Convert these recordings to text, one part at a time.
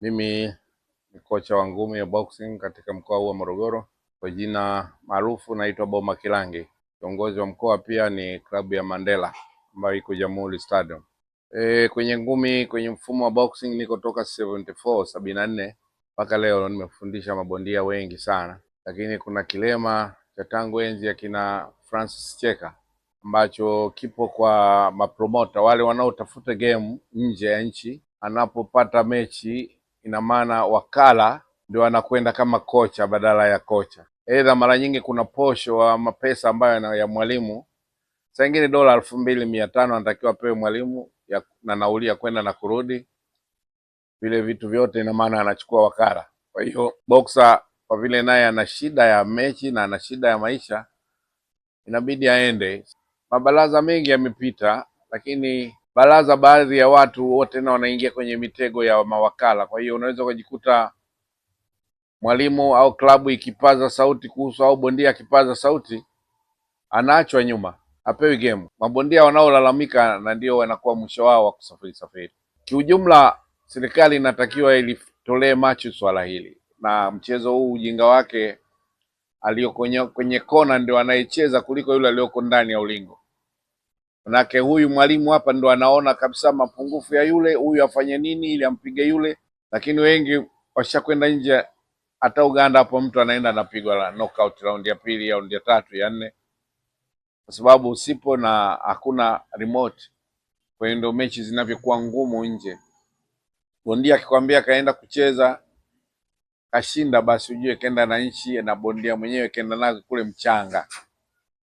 Mimi ni kocha wa ngumi ya boxing katika mkoa huu wa Morogoro, kwa jina maarufu naitwa Boma Kilangi. Kiongozi wa mkoa pia ni klabu ya Mandela ambayo iko Jamhuri Stadium. E, kwenye ngumi kwenye mfumo wa boxing niko toka 74 sabini na nne mpaka leo nimefundisha mabondia wengi sana, lakini kuna kilema cha tangu enzi ya kina Francis Cheka ambacho kipo kwa mapromota wale wanaotafuta game nje ya nchi, anapopata mechi ina maana wakala ndio anakwenda kama kocha badala ya kocha. Aidha, mara nyingi kuna posho wa mapesa ambayo ya mwalimu, saa ingine dola elfu mbili mia tano anatakiwa apewe mwalimu ya, na nauli ya kwenda na kurudi, vile vitu vyote ina maana anachukua wakala. Kwa hiyo boksa, kwa vile naye ana shida ya mechi na ana shida ya maisha, inabidi aende. Mabaraza mengi yamepita, lakini baraza, baadhi ya watu wote tena wanaingia kwenye mitego ya mawakala. Kwa hiyo unaweza ukajikuta mwalimu au klabu ikipaza sauti kuhusu au bondia akipaza sauti, anaachwa nyuma, apewi gemu. Mabondia wanaolalamika na ndio wanakuwa mwisho wao wa kusafiri safiri. Kiujumla, serikali inatakiwa ilitolee macho swala hili na mchezo huu ujinga wake aliyoko kwenye kona ndio anayecheza kuliko yule aliyoko ndani ya ulingo. Manake huyu mwalimu hapa ndo anaona kabisa mapungufu ya yule, huyu afanye nini ili ampige yule. Lakini wengi washakwenda nje, hata Uganda hapo mtu anaenda anapigwa la knockout round ya pili, ya round ya tatu, ya nne, kwa sababu usipo na hakuna remote. Kwa hiyo ndo mechi zinavyokuwa ngumu nje. Bondia akikwambia kaenda kucheza kashinda, basi ujue kenda na nchi na bondia mwenyewe kenda nazo kule mchanga.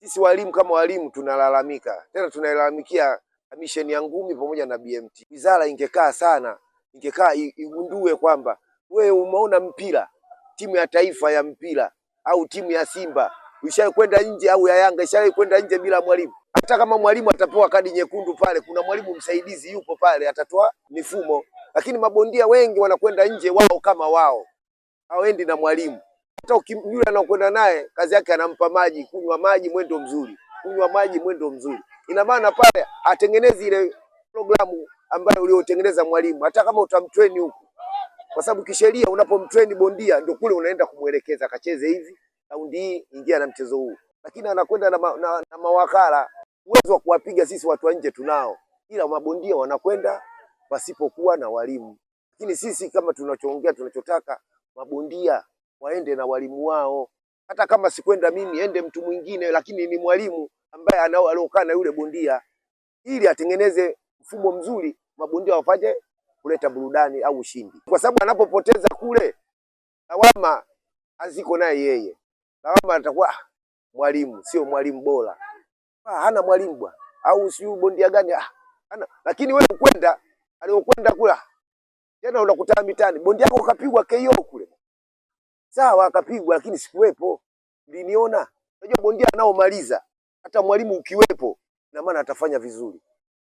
Sisi walimu kama walimu tunalalamika, tena tunailalamikia kamisheni ya ngumi pamoja na BMT. Wizara ingekaa sana, ingekaa igundue kwamba wewe umeona mpira, timu ya taifa ya mpira au timu ya Simba ishawahi kwenda nje au ya Yanga ishawai kwenda nje bila mwalimu. Hata kama mwalimu atapewa kadi nyekundu pale, kuna mwalimu msaidizi yupo pale, atatoa mifumo. Lakini mabondia wengi wanakwenda nje wao kama wao, hawaendi na mwalimu hata yule anakwenda naye kazi yake anampa maji, kunywa maji, mwendo mzuri, kunywa maji, mwendo mzuri. Ina maana pale atengenezi ile programu ambayo uliotengeneza mwalimu, hata kama utamtrain huku, kwa sababu kisheria unapomtrain bondia ndio kule unaenda kumwelekeza akacheze hivi, raundi hii ingia na mchezo huu, lakini anakwenda na, ma, na, na mawakala. Uwezo wa kuwapiga sisi watu wa nje tunao, ila mabondia wanakwenda pasipokuwa na walimu. Lakini sisi kama tunachoongea tunachotaka mabondia waende na walimu wao, hata kama sikwenda mimi, ende mtu mwingine, lakini ni mwalimu ambaye anao aliokaa na yule bondia, ili atengeneze mfumo mzuri, mabondia wafanye kuleta burudani au ushindi, kwa sababu anapopoteza kule, lawama haziko naye yeye, lawama atakuwa ah, mwalimu sio mwalimu bora, ah, hana mwalimu bwa, au si bondia gani? Ah, hana. Lakini wewe ukwenda aliokwenda kula tena, unakutana mitani bondia yako kapigwa KO kule. Sawa, akapigwa lakini sikuwepo. Niliniona. Unajua bondia anaomaliza hata mwalimu ukiwepo na maana atafanya vizuri.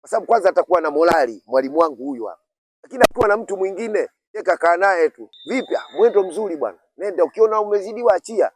Kwa sababu kwanza atakuwa na morali mwalimu wangu huyu hapa. Lakini akiwa na mtu mwingine, yeye kakaa naye tu. Vipi? Ah, mwendo mzuri bwana. Nenda ukiona umezidiwa achia.